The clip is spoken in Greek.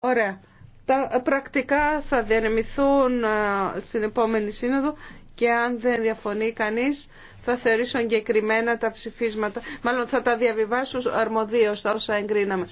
Ωραία. Τα πρακτικά θα διανεμηθούν στην επόμενη σύνοδο και αν δεν διαφωνεί κανείς θα θεωρήσω εγκεκριμένα τα ψηφίσματα. Μάλλον θα τα διαβιβάσω αρμοδίως τα όσα εγκρίναμε.